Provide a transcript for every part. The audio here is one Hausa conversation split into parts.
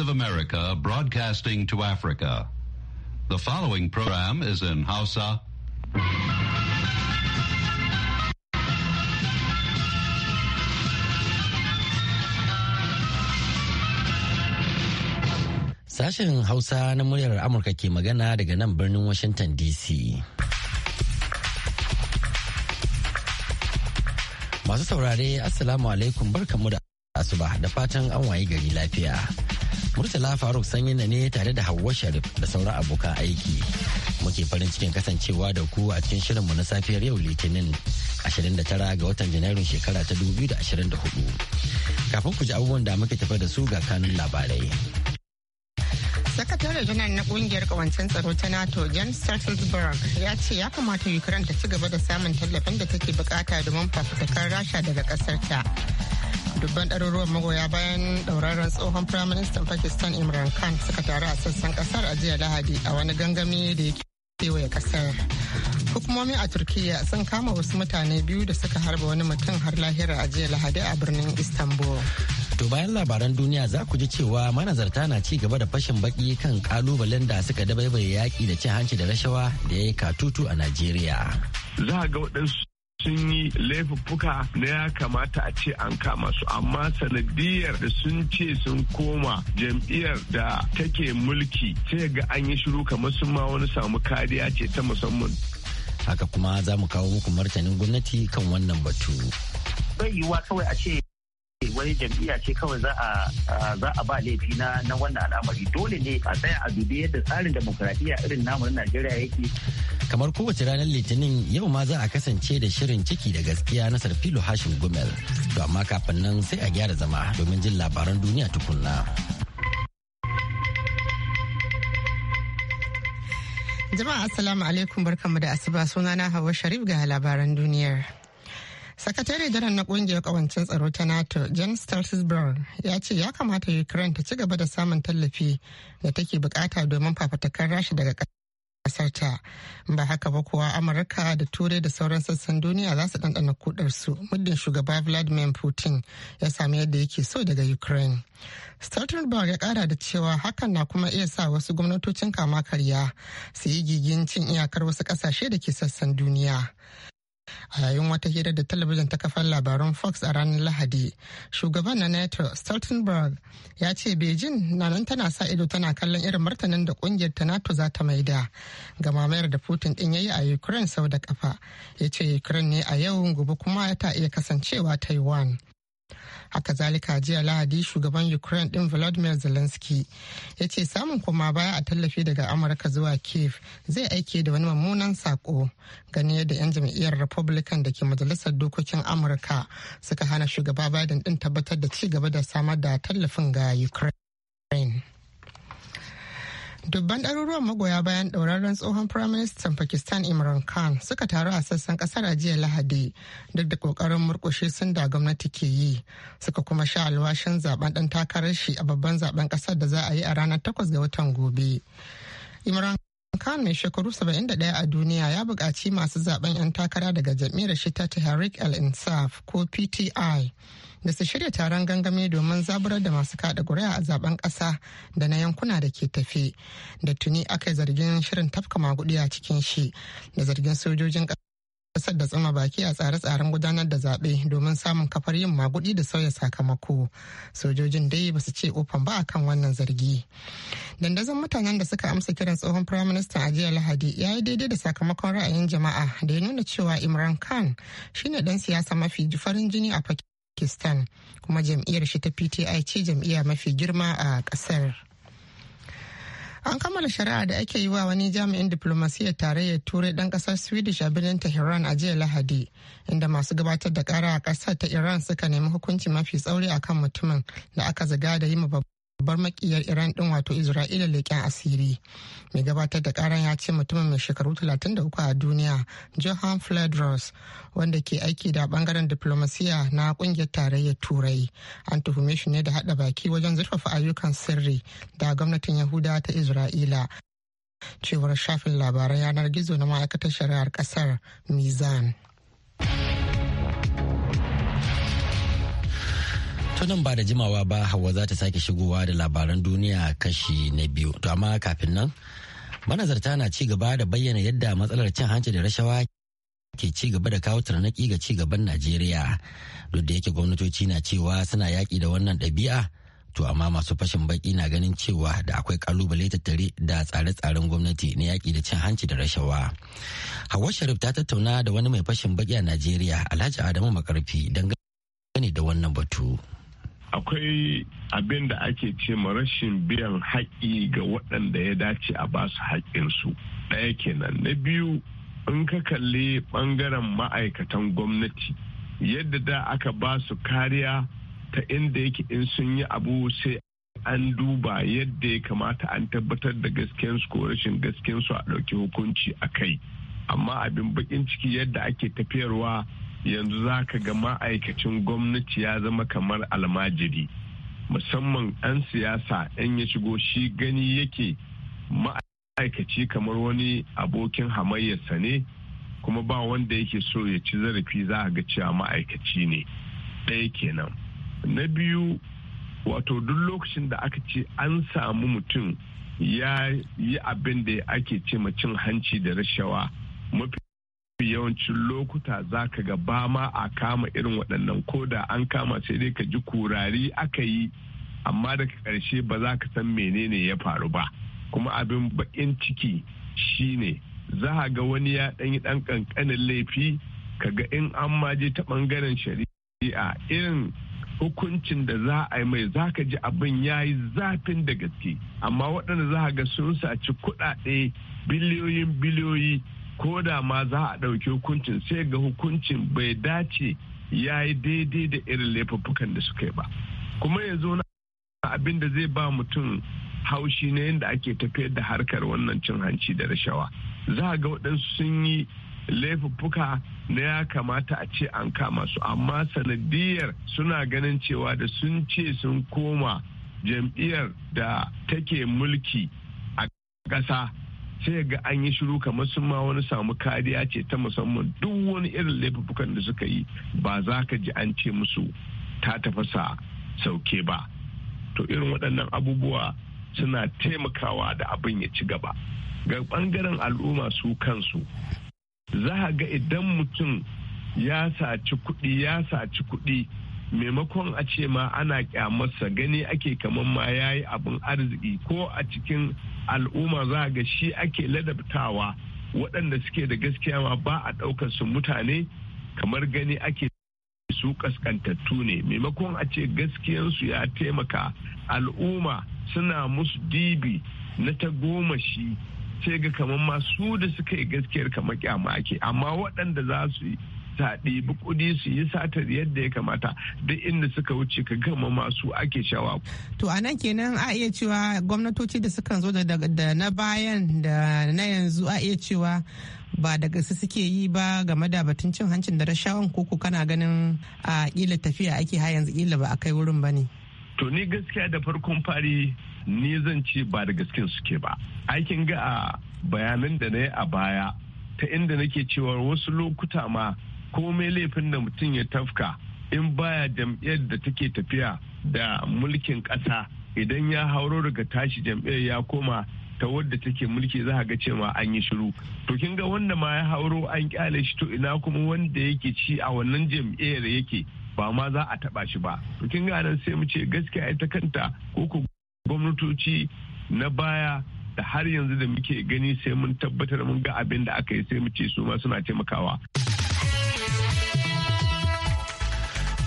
of America broadcasting to Africa. The following program is in Hausa. Sashen Hausa na muryar Amurka ke magana daga nan birnin Washington DC. Masu saurare, Assalamu alaikum barkamu da asuba da fatan an waye gari lafiya. Murtala Faruk sanyi na ne tare da Hauwa Sharif da sauran abokan aiki. Muke farin cikin kasancewa da ku a cikin shirin mu na safiyar yau Litinin 29 ga watan Janairun shekara ta 2024. Kafin ku ji abubuwan da muke tafa da su ga kanun labarai. sakataren janar na kungiyar kawancin tsaro ta nato jan stoltenberg ya ce ya kamata ukraine ta ci gaba da samun tallafin da take bukata domin fafutukar rasha daga kasar ta dubban ɗaruruwan magoya bayan ɗauraren tsohon firaministan pakistan imran khan suka taru a sassan ƙasar a jiya lahadi a wani gangami da ya kewaye ƙasar hukumomi a turkiya sun kama wasu mutane biyu da suka harba wani mutum har lahira a jiya lahadi a birnin istanbul To bayan labaran duniya za ku ji cewa manazarta na ci gaba da fashin baki kan kalubalen da suka dabaibaye yaki da cin hanci da rashawa da ya yi katutu a Najeriya. Za ga waɗansu sun yi laifuffuka na ya kamata a ce an kama su amma sanadiyar da sun ce sun koma jam'iyyar da take mulki sai ga an yi shiru kamar sun ma wani samu kariya ce ta musamman haka kuma za mu kawo muku martanin gwamnati kan wannan batu. bai yiwuwa kawai a ce wai jam'iyya ce kawai za a za a ba laifi na na wannan al'amari dole ne a tsaya a dubi yadda tsarin demokradiyya irin namu na Najeriya yake kamar kowace ranar litinin yau ma za a kasance da shirin ciki da gaskiya na sarfilo hashim gumel to amma kafin nan sai a gyara zama domin jin labaran duniya tukunna jama'a assalamu alaikum barkamu da asuba sunana hawa sharif ga labaran duniyar sakatare daren na kungiyar kawancin tsaro ta nato jan stoltenberg ya ce ya kamata ukraine ta ci gaba da samun tallafi da take bukata domin fafatakar rashi daga kasarta ba haka ba kuwa amurka da turai da sauran sassan duniya za su ɗanɗana kudarsu muddin shugaba vladimir putin ya sami yadda yake so daga ukraine stoltenberg ya kara da cewa hakan na kuma iya sa wasu gwamnatocin kama karya su yi gigin cin iyakar wasu ƙasashe da ke sassan duniya a yayin wata hira da talabijin ta kafar labaran fox a ranar lahadi shugaban na nato stoltenberg ya ce beijing na nan tana sa ido tana kallon irin martanin da kungiyar ta nato za ta maida ga mamayar da putin din yayi a ukraine sau da kafa ya ce ukraine ne a yau gobe kuma ta iya kasancewa taiwan haka zalika jiya lahadi shugaban ukraine din volodymyr zelensky ya ce samun koma baya a tallafi daga amurka zuwa kiev zai aike da wani mummunan sako gani yadda 'yan jam'iyyar republican da ke majalisar dokokin amurka suka hana shugaba biden din tabbatar da ci gaba da samar da tallafin ga ukraine dubban ɗaruruwan magoya bayan ɗauraren tsohon firaministan pakistan imran khan suka taru a sassan ƙasar a jiya lahadi duk da ƙoƙarin murƙushe sun da gwamnati ke yi suka kuma sha alwashin zaben ɗan takarar shi a babban zaben ƙasar da za a yi a ranar takwas ga watan gobe imran Khan mai shekaru ɗaya a duniya ya buƙaci masu zaben 'yan takara daga jam'iyyar shi ta Tehrik al-Insaf ko PTI da su shirya taron gangami domin zaburar da masu kada ƙuri'a a zaben kasa da na yankuna da ke tafi da tuni aka yi zargin shirin tafka maguɗi a cikin shi da zargin sojojin kasar da tsuma baki a tsare-tsaren gudanar da zaɓe domin samun kafar yin magudi da sauya sakamako sojojin dai ba su ce ofan ba akan wannan zargi dandazon mutanen da suka amsa kiran tsohon firaministan a jiya lahadi ya yi daidai da sakamakon ra'ayin jama'a da ya nuna cewa imran khan shine dan siyasa mafi farin jini a faki. pakistan kuma jam'iyyar shi ta pti ce jam'iyya mafi girma a kasar an kammala shari'a da ake yi wa wani jami'in diplomasiyyar tarayyar turai dan kasar swedish a birnin tehran a jiya lahadi inda masu gabatar da kara a kasar ta iran suka nemi hukunci mafi tsauri akan mutumin da aka zaga da yi babban babbar makiyar iran din wato isra'ila leƙen asiri mai gabatar da karan ya ce mutumin mai shekaru 33 a duniya johan fledros wanda ke aiki da bangaren diplomasiya na kungiyar tarayyar turai an tuhume shi ne da hada baki wajen zurfafa ayyukan sirri da gwamnatin yahuda ta isra'ila cewar shafin labaran yanar gizo na ma'aikatar shari'ar kasar mizan tunan ba da jimawa ba hawa za ta sake shigowa da labaran duniya kashi na biyu to amma kafin nan manazarta na ci gaba da bayyana yadda matsalar cin hanci da rashawa ke ci gaba da kawo tarnaki ga ci gaban Najeriya duk da yake gwamnatoci na cewa suna yaƙi da wannan ɗabi'a to amma masu fashin baki na ganin cewa da akwai kalubale tattare da tsare-tsaren gwamnati na yaƙi da cin hanci da rashawa. Hawa Sharif ta tattauna da wani mai fashin baki a Najeriya Alhaji Adamu Makarfi dangane da wannan batu. akwai abin da ake ce ma rashin biyan haƙƙi ga waɗanda ya dace a ba su haƙƙinsu ɗaya kenan na biyu in ka kalli ɓangaren ma'aikatan gwamnati yadda da aka ba su kariya ta inda yake in sun yi abu sai an duba yadda ya kamata an tabbatar da gaskensu ko rashin gaskensu a ɗauki hukunci a kai amma abin bakin ciki yadda ake tafiyarwa yanzu za ka ga ma'aikacin gwamnati ya zama kamar almajiri musamman 'yan siyasa 'yan ya shigo shi gani yake ma'aikaci kamar wani abokin hamayyarsa ne kuma ba wanda yake so ya ci zarafi za a ga cewa ma'aikaci ne ɗaya kenan na biyu wato duk lokacin da aka ce an samu mutum ya yi abin da ake ce cin hanci da rashawa mafi yawancin lokuta za ka ga ba ma a kama irin waɗannan ko da an kama sai dai ka ji kurari aka yi amma daga ƙarshe ba za ka san menene ya faru ba kuma abin baƙin ciki shine za a ga wani ya ɗanyi ɗan ƙanƙanin laifi ka ga in an ma je ta ɓangaren shari'a irin hukuncin da za a yi mai za ka ji abin ya yi zafin da gaske amma waɗanda za ga sun saci kuɗaɗe biliyoyin biliyoyi ko da ma za a ɗauki hukuncin sai ga hukuncin bai dace ya yi daidai da irin laifuffukan da suka yi ba kuma yanzu na abin da zai ba mutum haushi na yadda ake tafiyar da harkar wannan cin hanci da rashawa za ga waɗansu sun yi laifuffuka na ya kamata a ce an kama su amma sanadiyar suna ganin cewa da sun ce sun koma jam'iyyar da take mulki a ƙasa sai ga an yi shiru kamar sun ma wani samu kariya ce ta musamman duk wani irin laifukan da suka yi ba za ka ji an ce musu ta tafasa sauke ba to irin waɗannan abubuwa suna taimakawa da abin ya ci gaba ga ɓangaren al'umma su kansu za a ga idan mutum ya saci kuɗi ya saci kuɗi maimakon a ce ma ana kyamarsa gani ake kamar ma ya yi abin arziki ko a cikin al'umma za ga shi ake ladabtawa waɗanda suke da gaskiya ma ba a ɗaukar su mutane kamar gani ake su kaskantattu ne maimakon a ce gaskiyansu ya taimaka al'umma suna musu dibi na ta goma shi sai ga kamar masu da suka yi gaskiyar kamar kyama ake amma waɗanda za su yi sa ɗibi kuɗi su yi satar yadda ya kamata duk inda suka wuce ka gama masu ake shawa. To a nan kenan a iya cewa gwamnatoci da sukan zo da na bayan da na yanzu a iya cewa ba da suke yi ba game da batun cin hancin da rashawan koko kana ganin a kila tafiya ake ha yanzu kila ba a kai wurin ba ne. To ni gaskiya da farkon fari ni zan ce ba da gasken suke ba. Aikin ga a bayanan da na yi a baya ta inda nake cewa wasu lokuta ma komai laifin da mutum ya tafka in baya jam'iyyar da take tafiya da mulkin ƙasa idan ya hauro daga tashi jam'iyyar ya koma ta wadda take mulki za a ga cewa an yi shiru to kin ga wanda ma ya hauro an kyale shi to ina kuma wanda yake ci a wannan jam'iyyar yake ba ma za a taba shi ba to kin ga nan sai mu ce gaskiya ita kanta ko ku gwamnatoci na baya da har yanzu da muke gani sai mun tabbatar mun ga abin da aka yi sai mu ce su ma suna taimakawa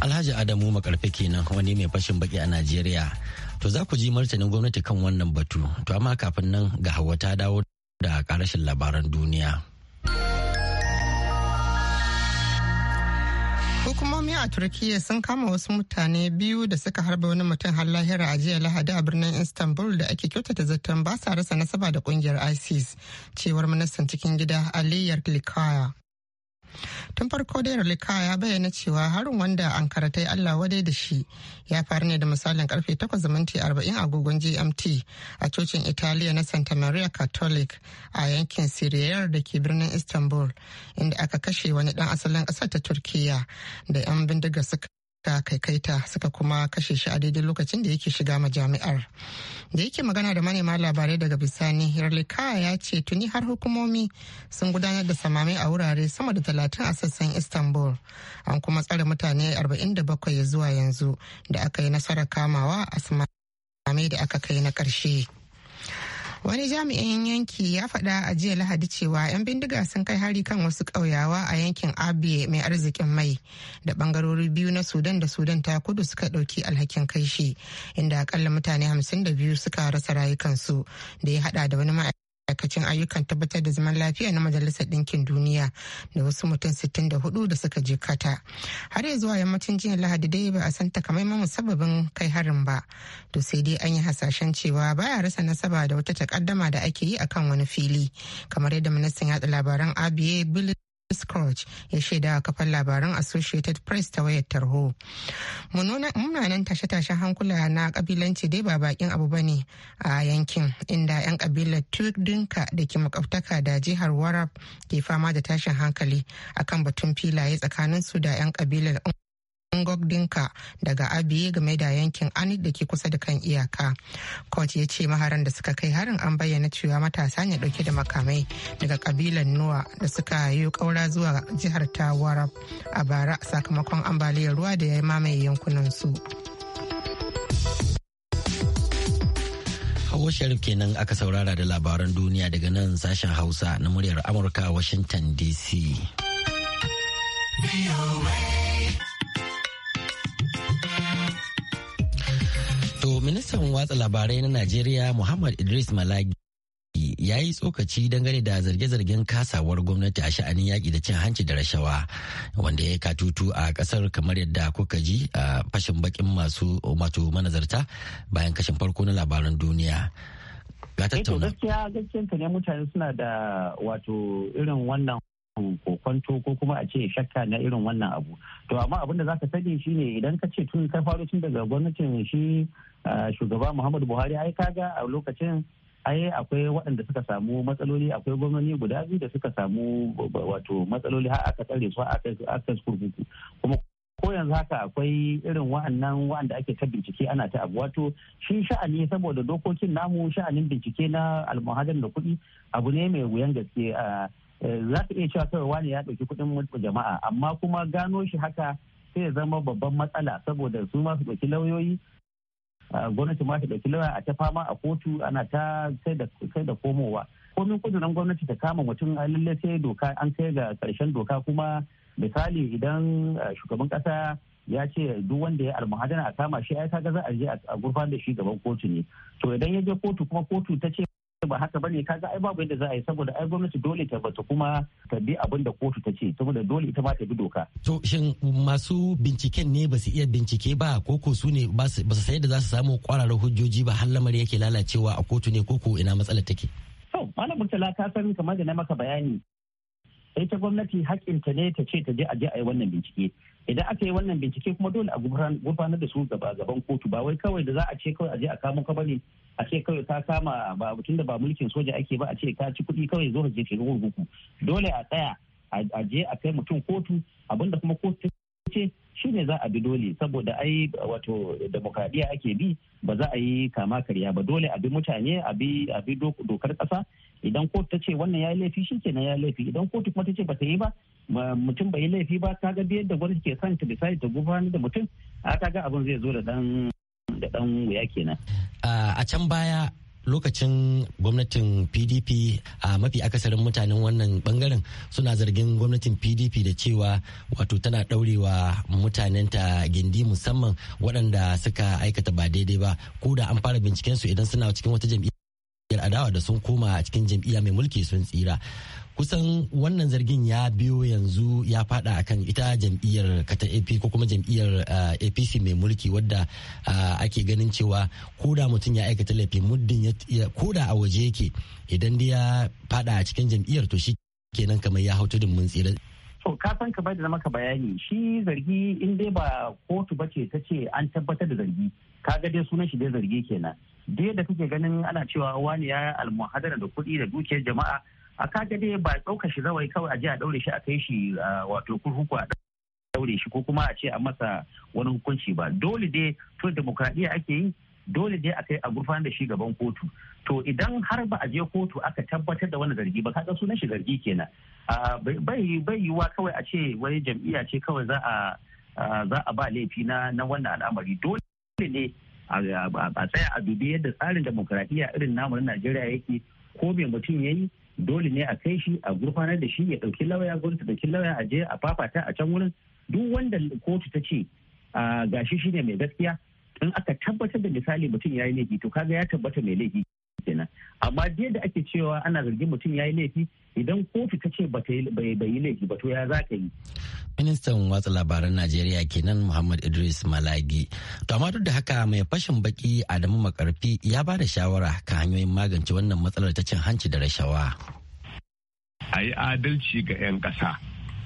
Alhaji Adamu Makarfe kenan wani mai fashin baki a Najeriya. To za ku ji martanin gwamnati kan wannan batu. To amma kafin nan ga Hauwa ta dawo da karashin labaran duniya. Hukumomi a Turkiyya sun kama wasu mutane biyu da suka harba wani mutum har lahira a jiya Lahadi a birnin Istanbul da ake kyautata zaton ba sa rasa nasaba da kungiyar ISIS, cewar ministan cikin gida Aliyar Likaya. tun farko dai lika ya bayyana cewa harin wanda ankara ta yi allah wadai da shi ya faru ne da misalin karfe 8:40 agogon gmt a cocin italiya na santa maria catholic a yankin siriyar da ke birnin istanbul inda aka kashe wani dan asalin kasar ta turkiya da 'yan bindiga suka suka kaikaita suka kuma kashe shi a daidai lokacin da yake shiga majami'ar da yake magana da manema labarai daga bisani hirlika ya ce tuni har hukumomi sun gudanar da samami a wurare sama da talatin a sassan istanbul an kuma tsare mutane 47 zuwa yanzu da aka yi nasarar kamawa a samame da aka kai na karshe wani jami'in yanki ya faɗa a jiya lahadi cewa 'yan bindiga sun kai hari kan wasu ƙauyawa a yankin abiye mai arzikin mai da ɓangarori biyu na sudan da sudan ta kudu suka ɗauki alhakin kai shi inda akalla mutane 52 suka rasa rayukansu da ya haɗa da wani ma'aikata aikacin ayyukan tabbatar da zaman lafiya na majalisar ɗinkin duniya da wasu mutum 64 da suka je kata har ya zuwa yammacin jiya lahadi dai ba a san takamaiman musabbabin kai harin ba to sai dai an yi hasashen cewa baya rasa nasaba da wata takaddama da ake yi akan wani fili kamar yadda ministan yatsa labaran abiye bilis Scrooge ya shaida a kafar labaran Associated Press ta wayar tarho. Munanan tashe-tashen hankula na kabilanci dai ba bakin abu ba ne a yankin inda 'yan kabilar Tudinka da ke makwabtaka da jihar Warab ke fama da tashin hankali akan batun filaye tsakanin su da 'yan kabilar Ngok Dinka daga Abi game da yankin Anit da ke kusa da kan iyaka. Court ya ce maharan da suka kai harin an bayyana cewa matasa ne dauke da makamai daga kabilan Nuwa da suka yi kaura zuwa jihar Tawarab a bara sakamakon ambaliyar ruwa da ya mamaye yankunan su. Hawa Sharif kenan aka saurara da labaran duniya daga nan sashen Hausa na muryar Amurka Washington DC. ministan watsa labarai na Najeriya Muhammad Idris Malagi ya yi tsokaci dangane da zarge-zargen kasawar gwamnati a sha'anin yaƙi da cin hanci da rashawa wanda ya katutu a ƙasar kamar yadda kuka ji a fashin bakin masu mato manazarta bayan kashin farko na labaran duniya ga eh, tattauna gaskiya gaskiyanta ne mutane suna da wato irin wannan kokwanto ko kuma a ce shakka na irin wannan abu to amma abin da zaka sani shine idan ka ce tun ka faro tun daga gwamnatin shi shugaba muhammadu buhari ai kaga a lokacin ai akwai waɗanda suka samu matsaloli akwai gwamnati guda biyu da suka samu wato matsaloli har aka tsare su aka kurkuku kuma ko yanzu haka akwai irin wa'annan wa'anda ake ta bincike ana ta abu wato shi sha'ani saboda dokokin namu sha'anin bincike na almuhadar da kuɗi abu ne mai wuyan gaske Eh, za ka iya cewa kawai wani ya ɗauki kuɗin mulkin jama'a amma kuma gano shi haka sai ya zama babban matsala saboda su ma su ɗauki lauyoyi gwamnati ma su ɗauki lauya a ta fama a kotu ana ta kai da komowa komin kudurin gwamnati ta kama mutum a lalle sai doka an kai ga ƙarshen doka kuma misali idan shugaban ƙasa ya ce duk wanda ya almahadana a kama shi ai kaga za a je a gurfan da shi gaban kotu ne to idan ya je kotu kuma kotu ta ce ba haka bane kaga ai babu yadda za a yi saboda ai gwamnati dole ta bata kuma ta bi abin da kotu ta ce saboda dole ita ma ta bi doka to shin masu binciken ne ba su iya bincike ba ko su ne ba su sai da za su samu kwararar hujjoji ba har lamari yake lalacewa a kotu ne koko ina matsalar take to malam murtala ta san kamar da na maka bayani ita gwamnati hakinta ne ta ce ta je a je a yi wannan bincike idan aka yi wannan bincike kuma dole a gurfanar da su gaba gaban kotu ba wai kawai da za a ce kawai a je a kamo ka bane a ce kawai ka kama ba mutum da ba mulkin soja ake ba a ce ka ci kuɗi kawai zo ka je ka gurguku dole a tsaya a je a kai mutum kotu abinda kuma kotu ce shi ne za a bi dole saboda ai wato demokradiyya ake bi ba za a yi kama karya ba dole a bi mutane a bi dokar kasa idan kotu ta ce wannan ya laifi shi kenan ya laifi idan kotu kuma ta ce ba ta yi ba mutum bai yi laifi ba ta ga biyar da gwamnati ke son ta bisa ta gudanar da mutum a ta ga abin zai zo da dan da dan wuya kenan a can baya lokacin gwamnatin pdp a mafi akasarin mutanen wannan bangaren suna zargin gwamnatin pdp da cewa wato tana daurewa mutanenta gindi musamman waɗanda suka aikata ba daidai ba ko da an fara binciken su idan suna cikin wata jam'iyyar adawa da sun koma cikin jam'iyya mai mulki sun tsira kusan wannan zargin ya biyo yanzu ya fada akan ita jam'iyyar kata AP ko kuma jam'iyyar eh, APC mai mulki wadda eh, ake ganin cewa koda mutum ya aikata laifi muddin koda a waje yake idan dai ya fada a cikin jam'iyyar to shi kenan kamar ya hau tudun mun tsira to ka san bai da na maka bayani shi zargi in dai ba kotu bace ta ce an tabbatar da zargi kaga dai sunan shi dai zargi kenan dai da kake ganin ana cewa wani ya almuhadara da kuɗi da dukiyar jama'a a kaga dai ba ɗauka shi zawai kawai a je a ɗaure shi a kai shi wato kurkuku a ɗaure shi ko kuma a ce a masa wani hukunci ba dole dai to demokradiyya ake yi dole dai a kai a gurfan da shi gaban kotu to idan har ba a je kotu aka tabbatar da wani zargi ba ka ga sunan shi zargi kenan bai bai yiwa kawai a ce wani jam'iyya ce kawai za a za a ba laifi na na wannan al'amari dole ne a tsaya a dubi yadda tsarin demokradiyya irin namu na Najeriya yake ko mai mutum yayi dole ne a kai shi a gurfanar da shi ya ɗauki lauya ta ɗauki lauya a je a fafata a can wurin duk wanda kotu ta ce a gashi shine mai gaskiya in aka tabbatar da misali mutum ya yi laifi to kaga ya tabbata mai laifi kenan amma da ake cewa ana zargin mutum ya yi laifi idan kotu ta ce bai yi laifi ba to ya za ka yi. Ministan watsa labaran Najeriya kenan Muhammad Idris Malagi. To amma duk da haka mai fashin baki Adamu Makarfi ya ba da shawara ka hanyoyin magance wannan matsalar ta cin hanci da rashawa. A yi adalci ga 'yan ƙasa.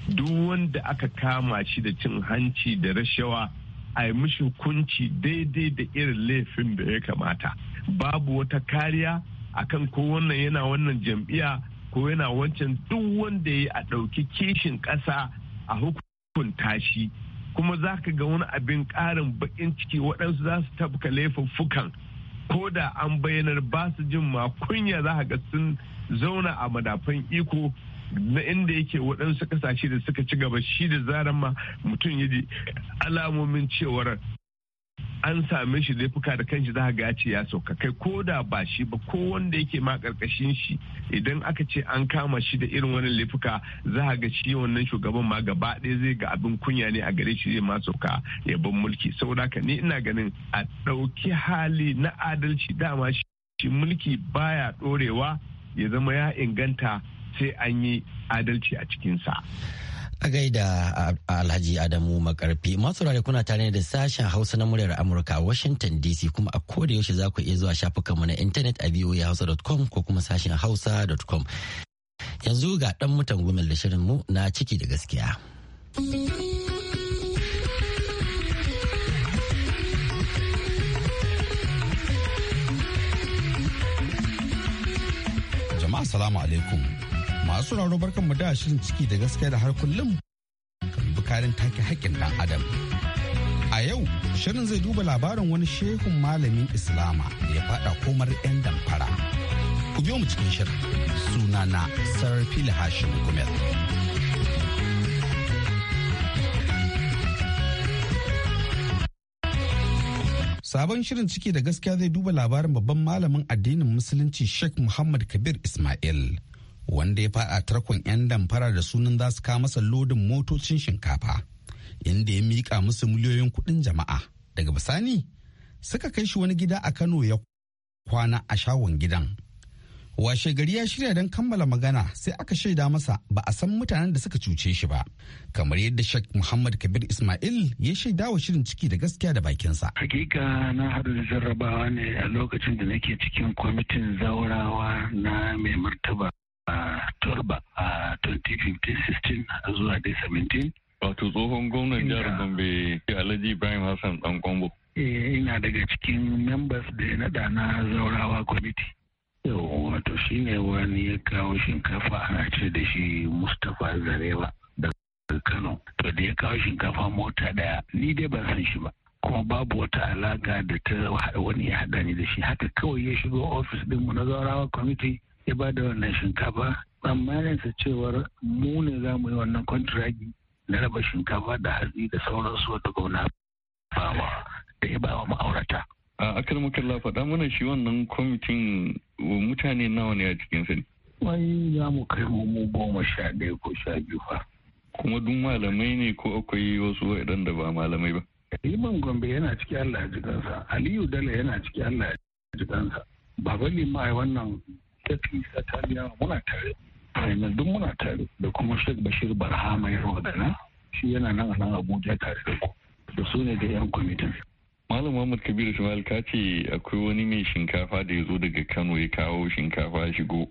Duk wanda aka kama shi da cin hanci da rashawa a yi mishi hukunci daidai da irin laifin da ya kamata babu wata kariya akan ko wannan yana wannan jam'iyya ko yana wancan duk wanda ya a ɗauki kishin ƙasa a hukunta shi kuma za ka ga wani abin ƙarin baƙin ciki waɗansu za su tabka laifuffukan ko da an bayyanar ba su jin ma kunya za ka ga sun zauna a madafan iko na inda yake waɗansu kasashe da suka ci gaba shi da zaran ma mutum ya ji alamomin cewar an same shi laifuka da kanshi za ga ce ya sauka kai ko da ba shi ba ko wanda yake ma karkashin shi idan aka ce an kama shi da irin wani laifuka za ga shi wannan shugaban ma gaba ɗaya zai ga abin kunya ne a gare shi zai ma sauka ya ban mulki saboda haka ni ina ganin a ɗauki hali na adalci dama shi mulki baya ɗorewa ya zama ya inganta sai an yi adalci a cikinsa. A gaida Alhaji Adamu Makarfi, masu rari kuna tare da sashen Hausa na muryar Amurka a Washington DC kuma a koda yaushe za ku iya zuwa shafukanmu na intanet a voahausa.com ko kuma sashen hausa.com. Yanzu ga ɗan mutan gumin da shirinmu na ciki da gaskiya. Jama'a salamu alaikum. masu raro barkan mu da shirin ciki da gaskiya da har kullum bukarin take hakkin dan adam a yau shirin zai duba labarin wani shehun malamin islama da ya faɗa komar 'yan damfara ku biyo mu cikin shirin na sarrafi hashim gumel Sabon shirin ciki da gaskiya zai duba labarin babban malamin addinin Musulunci Sheikh Muhammad Kabir Ismail wanda ya fada tarkon 'yan damfara da sunan za su kawo masa lodin motocin shinkafa inda ya mika musu miliyoyin kuɗin jama'a daga bisani suka kai shi wani gida a kano ya kwana a shagon gidan washe gari ya shirya don kammala magana sai aka shaida masa ba a san mutanen da suka cuce shi ba kamar yadda Sheikh Muhammad Kabir Ismail ya shaida wa shirin ciki da gaskiya da bakinsa. Hakika na haɗu da jarrabawa ne a lokacin da nake cikin kwamitin zaurawa na mai martaba A turba a 2015-16 zuwa dai 17 wato tsohon gwamnan jihar gombe alhaji ibrahim hassan dan kwambo eh, ina daga cikin members da ya nada na zaurawa kwamiti wato shi ne wani ya kawo shinkafa ana ce da shi mustapha zarewa daga kano to da ya kawo shinkafa mota daya ni dai ban san shi ba kuma babu wata alaka da ta wani ya hada ni da shi haka kawai ya shigo ofis ɗinmu na zaurawa kwamiti ya ba da wannan shinkafa tsammaninsa cewar mu ne za mu yi wannan kwantiragi na raba shinkafa da hatsi da sauransu wata gwamna fama da ya wa ma'aurata. a akar makalla faɗa mana shi wannan kwamitin mutane nawa ne a cikin sani. wani ya mu kai mu mu goma sha ɗaya ko sha biyu fa. kuma duk malamai ne ko akwai wasu waɗanda da ba malamai ba. Liman Gombe yana ciki Allah ya ji Aliyu Dala yana ciki Allah ya ji kansa. Baba Lima wannan tafi sataliyawa muna tare a duk muna tare da kuma sheikh bashir barhama ya wadana shi yana nan a nan abuja tare da ku da su ne da yan kwamitin malam muhammad kabiru ismail ka ce akwai wani mai shinkafa da ya zo daga kano ya kawo shinkafa ya shigo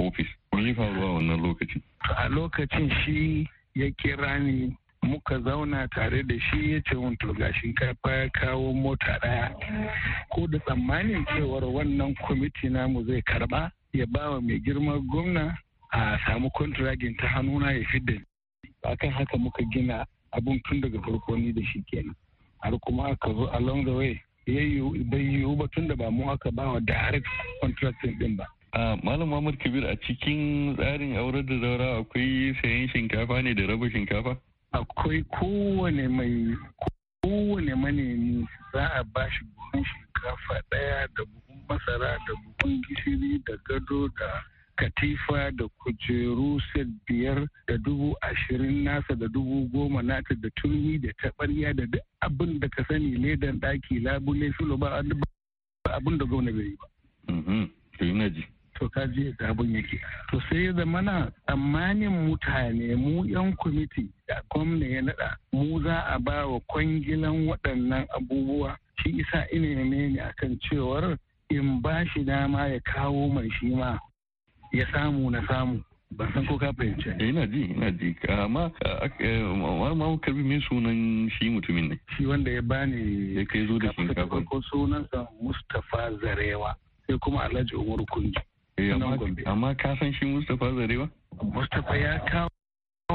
ofis wani faruwa wannan lokacin a lokacin shi ya kira ni muka zauna tare da shi ya ce to ga shinkafa ya kawo mota daya ko da tsammanin cewar wannan kwamiti namu zai karba ya ba wa mai girma gwamna a samu kontragin ta hannuna ya fidda akan haka muka gina abun tun daga farko ni da shi kenan har kuma aka zo along the way bai yiwu ba tun da ba mu aka ba wa direct contracting din ba A malam Muhammad Kabir a cikin tsarin aurar da zaura akwai sayan shinkafa ne da raba shinkafa akwai kowane mai kowane manemi za a ba shi shinkafa daya da buhun masara da buhun gishiri da gado da katifa da kujeru set biyar da dubu ashirin nasa da dubu goma nata da turmi da taɓarya da duk abin da ka sani ledan daki labule filo ba abin da gauna bai yi ba. Mhm. To ka je da abin yake. To sai ya mana tsammanin mutane mu yan kwamiti da gwamna ya naɗa mu za a ba wa kwangilan waɗannan abubuwa shi isa ina ne akan cewar in ba shi dama ya kawo mai shi ma ya samu na samu ban san ko ka fahimci ne eh, ina ji ina ji amma eh, ka karbi mai sunan shi mutumin ne shi wanda ya bani ya kai zo da shinkafa ko sunansa Mustapha Zarewa sai kuma Alhaji Umar Kunji eh, amma ka san shi Mustapha Zarewa Mustapha ya kawo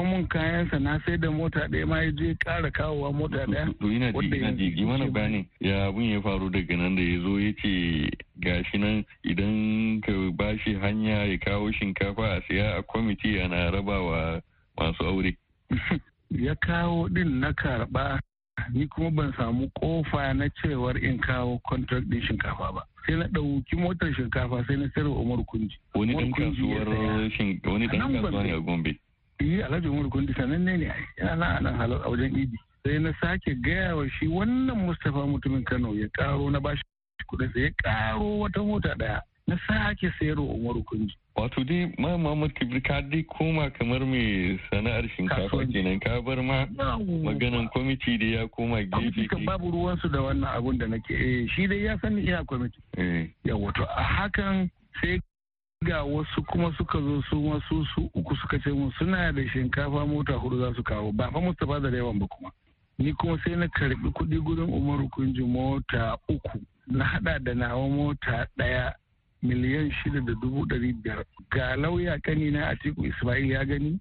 mun kayan na sai da mota ɗaya ma ya je ƙara kawowa mota ɗaya. To yana ji mana bayani ya abun ya faru daga nan da ya zo ya ce gashi nan idan ka bashi hanya ya kawo shinkafa a siya a kwamiti ana rabawa masu aure. Ya kawo ɗin na karɓa ni kuma ban samu kofa na cewar in kawo kwantar din shinkafa ba. sai na ɗauki motar shinkafa sai na sayarwa Umar Kunji. Wani ɗan kasuwar shinkafa wani ɗan kasuwa ne a Gombe. yi eh, alhaji umar gondi sananne ne yana nan a nan halar a wajen idi sai na sake gaya wa shi wannan mustapha mutumin kano ya karo na bashi kuɗin sai ya karo wata mota daya na sake sayar wa umaru kunji wato dai ma Muhammad Kibir ka dai koma kamar mai sana'ar shinkafa kenan ka bar ma maganan kwamiti da ya koma gefe ke babu ruwan su da wannan abun da nake eh shi dai ya sani ina kwamiti eh yawa to a hakan sai ga wasu kuma suka zo su wasu su uku suka ce mun suna da shinkafa mota hudu za su kawo ba fa Mustapha da yawan ba kuma ni kuma sai na karbi kuɗi gurin Umaru Kunji mota uku na hada da nawa mota ɗaya miliyan shida da dubu ɗari biyar ga lauya kani na Atiku Ismail ya gani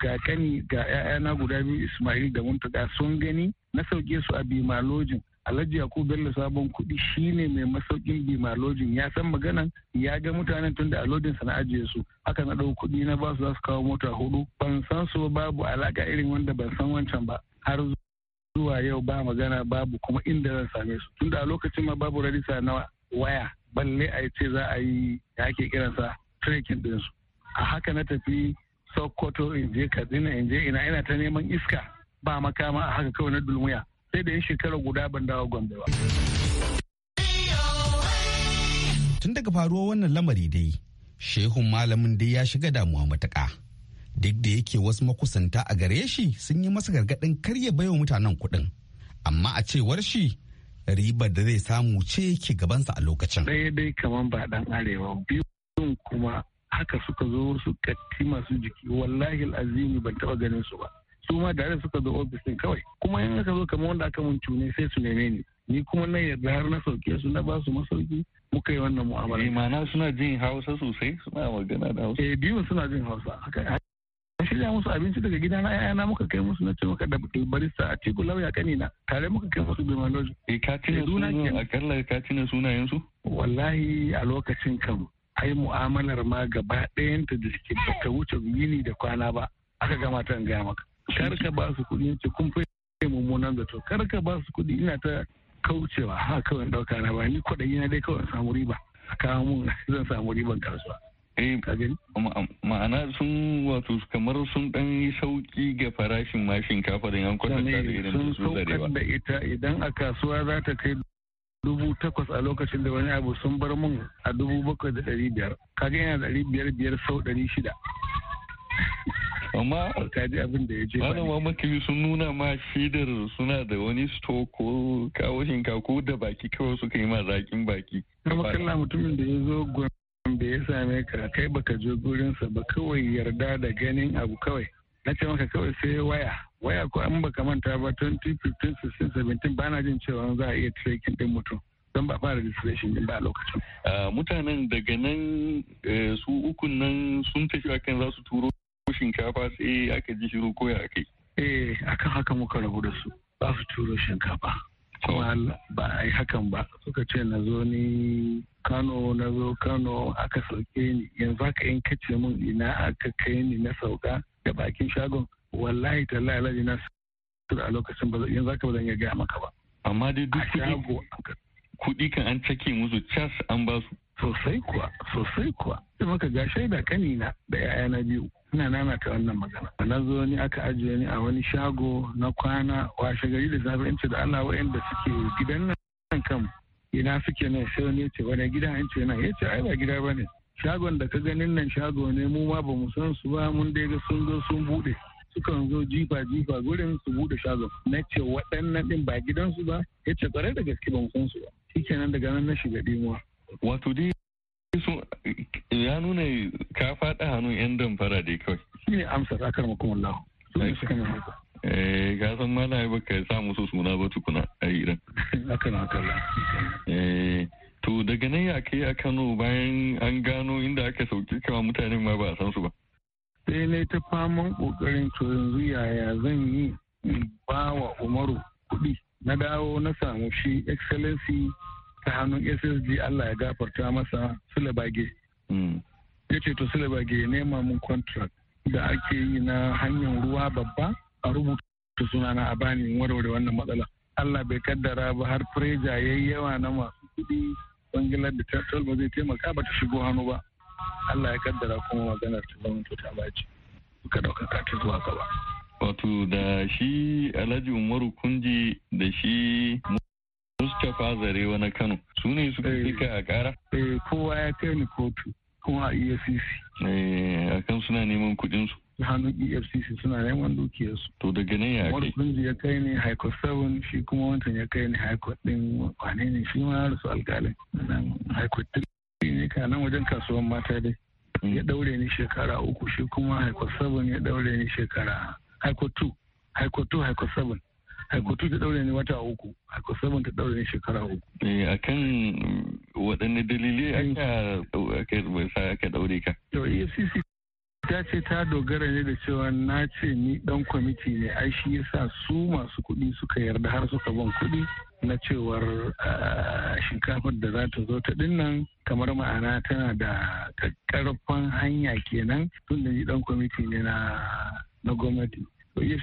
ga kani ga 'ya'yana guda biyu Ismail da Muntaka sun gani na sauke su a Bima Lojin Alhaji Yakubu Bello sabon kuɗi shine mai masaukin bimalojin ya san maganan ya ga mutanen tun da lodin sana ajiye su haka na ɗau kuɗi na ba za su kawo mota hudu ban san su babu alaka irin wanda ban san wancan ba har zuwa yau ba magana babu kuma inda zan same su tun a lokacin ma babu rajista na waya balle a ce za a yi da ake kiransa trekking ɗinsu a haka na tafi sokoto in je katsina in je ina ina ta neman iska ba makama a haka kawai na dulmuya sai da ya shekara guda ban dawo gombe ba tun daga faruwar wannan lamari dai shehun malamin dai ya shiga damuwa matuƙa duk da yake wasu makusanta a gare shi sun yi masa gargaɗin karya baiwa mutanen kuɗin amma a cewar shi ribar da zai samu ce ke gabansa a lokacin. Ɗaya dai kamar ba ɗan arewa biyun kuma haka suka zo su kati masu jiki wallahi azimi ban taɓa ganin su ba. su ma da suka zo ofis din kawai kuma in aka zo kamar wanda aka mun ne sai su neme ni ni kuma na yarda har na sauke su na ba su masauki muka yi wannan mu'amala. Eh ma'ana suna jin Hausa sosai suna magana da Hausa. Eh biyu suna jin Hausa. shi shirya musu abinci daga gida na yayana muka kai musu na ce maka da barista a cikin lauya kanina tare muka kai musu bima loji. Eh ka tuna sunan akalla ka tuna sunayen su? Wallahi a lokacin kan ai mu'amalar ma gaba ta da suke baka wuce yini da kwana ba aka gama ta gaya maka. kar ka ba su kuɗi ce kun fi mummunan zato kar ka ba su kuɗi ina ta kaucewa ha kawai ɗauka na ba ni kwaɗayi na dai kawai samu riba a kawo mun zan samu riban kasuwa. Eh, ma'ana sun wato kamar sun dan yi sauki ga farashin ma shinkafa da yankunan da irin sun saukar da ita idan a kasuwa za ta kai dubu takwas a lokacin da wani abu sun bar mun a dubu bakwai da ɗari biyar kaga yana ɗari biyar biyar sau ɗari shida amma ji abin da ya ce ma makiri sun nuna ma shidar suna da wani sto ko kawo shinka ko da baki kawai suka yi ma zakin baki kuma kalla mutumin da ya zo da ya same ka kai baka je gurinsa ba kawai yarda da ganin abu kawai na ce maka kawai sai waya waya ko an baka manta ba 2015 16 17 ba na jin cewa za a iya tracking din mutum don ba fara registration din ba a lokacin. Ah, mutanen daga nan eh, su ukun nan sun tafi akan za su turo shinkafa sai aka ji shiru ko ya kai eh akan haka muka rabu da su ba su turo shinkafa kuma ba a yi hakan ba suka ce na zo ni kano na zo kano aka sauke ni yanzu aka in kace mun ina aka kai ni na sauka da bakin shagon wallahi tallahi alaji na a lokacin yanzu aka ba zan iya gaya maka ba amma dai duk kuɗi kuɗi kan an cake musu cas an ba su sosai kuwa sosai kuwa sai muka ga shaida kanina da yayana biyu ina nana ta wannan magana na zo ni aka ajiye ni a wani shago na kwana washe gari da zafi inci da Allah wa'anda suke gidan nan kan ina suke nan sai wani yace wani gida an ce na yace ai ba gida bane shagon da ka ganin nan shago ne mu ma ba mu san su ba mun dai ga sun zo sun bude sukan zo jifa jifa gurin su bude shagon na ce waɗannan din ba gidansu ba yace kware da gaske ba mu san su ba shikenan daga nan na shiga dimuwa wato dai so ya nuna ka faɗa hannun yan damfara dai kawai shi ne amsa tsakar makamullahu su ne suka mai haka Eh, ka san mala sa musu suna ba tukuna a iran. Haka na kalla. to daga nan ya kai a Kano bayan an gano inda aka sauke kama mutanen ma ba a san su ba. Sai ne ta faman kokarin to yanzu yaya zan yi ba wa Umaru kuɗi na dawo na samu shi excellency ta hannun ssg allah ya gafarta masa sulabage mm. ya ce to sulabage ya nema mun contract da ake yi na hanyar ruwa babba a rubuta sunana a bani warware wannan matsala allah bai kaddara ba har preja ya yi yawa na masu kuɗi bangilar da tattal ba zai taimaka ba ta shigo hannu ba allah ya kaddara kuma maganar ta zama ta baci ɗauka ka ta zuwa gaba wato da shi alhaji umaru kunji da shi mustapha zarewa na kano su ne suka eh. fika a kara eh, kowa ya kai ni kotu kuma a efcc eh, a kan suna neman su hannun efcc suna neman dukiyarsu to daga nan ya kai umaru kunji ya kai ni high court shi kuma wancan ya kai ni high court din kwane ne shi ma rasu alkalin nan high court 3 ne ka nan wajen kasuwan mata dai mm. ya daure ni shekara uku shi kuma high court ya daure ni shekara haiko 2 haiko 2 haiko 7 haiko 2 ta daure ne wata uku haiko 7 ta daure ne shekara uku eh, a kan waɗanne dalilai eh. aka aka aka daure ka to EFCC ta ce ta dogara ne da cewa na ce ni dan kwamiti ne ai shi yasa su masu kuɗi suka yarda har suka ban kuɗi na cewar shinkafar da za ta zo ta dinnan kamar ma'ana tana da karfan hanya kenan tun da ni dan kwamiti ne na na gwamnati to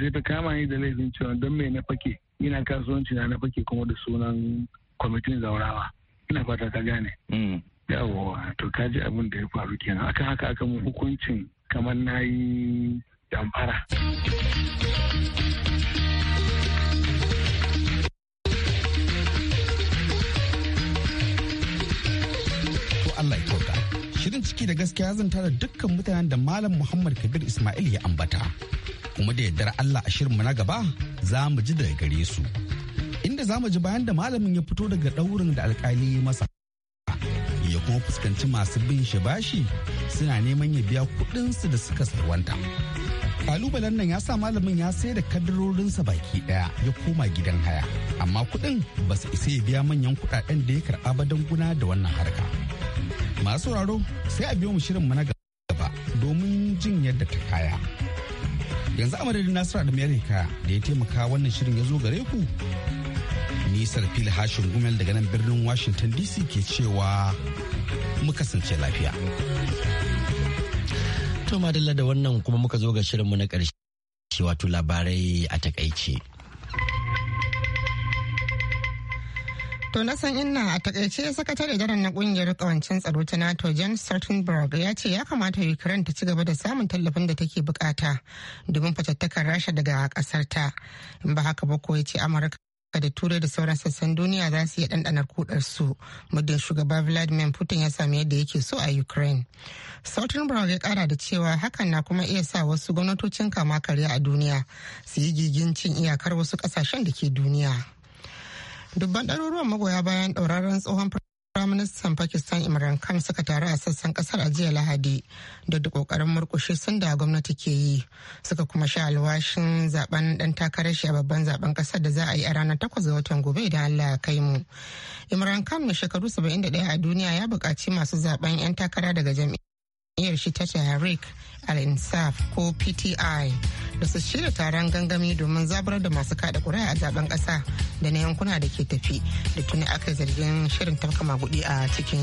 sai ta kama ni da laifin cewa don me na fake ina kasuwanci na na fake kuma da sunan kwamitin zaurawa ina fata ka gane mm. yawo to ka ji abin da ya faru kenan akan haka aka mun hukuncin kamar na yi damfara Shirin ciki da gaskiya zan tara dukkan mutanen da Malam Muhammad Kabir Ismail ya ambata. Kuma da yardar Allah a shirinmu na gaba za mu ji daga gare su. Inda za mu ji bayan da malamin ya fito daga ɗaurin da alkali ya masa. Ya kuma fuskanci masu bin shi bashi suna neman ya biya kuɗinsu da suka sarwanta. Kalubalen nan ya sa malamin ya sai da kadarorinsa baki daya ya koma gidan haya, amma kuɗin ba su isa ya biya manyan kuɗaɗen da ya karɓa ba don guna da wannan harka. Masu raro sai a biyo mu shirin na gaba domin jin yadda ta kaya. Yanzu amadadin Nasiru da Amerika da ya taimaka wannan shirin ya zo gare ku. Nisar fil hashin gumel daga nan birnin Washington DC ke cewa mu kasance lafiya. To madalla da wannan kuma muka zo ga shirinmu na ƙarshe wato labarai a takaice. To na san inna a takaice sakatare daren na kungiyar kawancin tsaro ta NATO John Stoltenberg ya ce ya kamata Ukraine ta ci gaba da samun tallafin da take bukata domin fatattakar Rasha daga kasar ta. In ba haka ba ko ya ce Amurka da turai da sauran sassan duniya za su iya ɗanɗanar kudar su muddin shugaba vladimir putin ya sami yadda yake so a ukraine stoltenberg ya kara da cewa hakan na kuma iya sa wasu gwamnatocin kama karya a duniya su yi gigin cin iyakar wasu kasashen da ke duniya dubban ɗaruruwan magoya bayan ɗauraren tsohon Firaministan Pakistan Imran Khan suka taru a sassan kasar a jiya Lahadi da duk kokarin murkushe sun da gwamnati ke yi suka kuma sha alwashin zaben dan takarar shi a babban zaben kasar da za a yi a ranar takwas ga watan gobe idan Allah ya kai mu. Imran Khan mai shekaru 71 a duniya ya buƙaci masu zaben 'yan takara daga jami'a jam'iyyar shi ta Tehrik al-Insaf ko PTI da su shirya taron gangami domin zabar da masu kada kuri'a a zaben kasa da na yankuna da ke tafi da tuni aka zargin shirin tafka magudi a cikin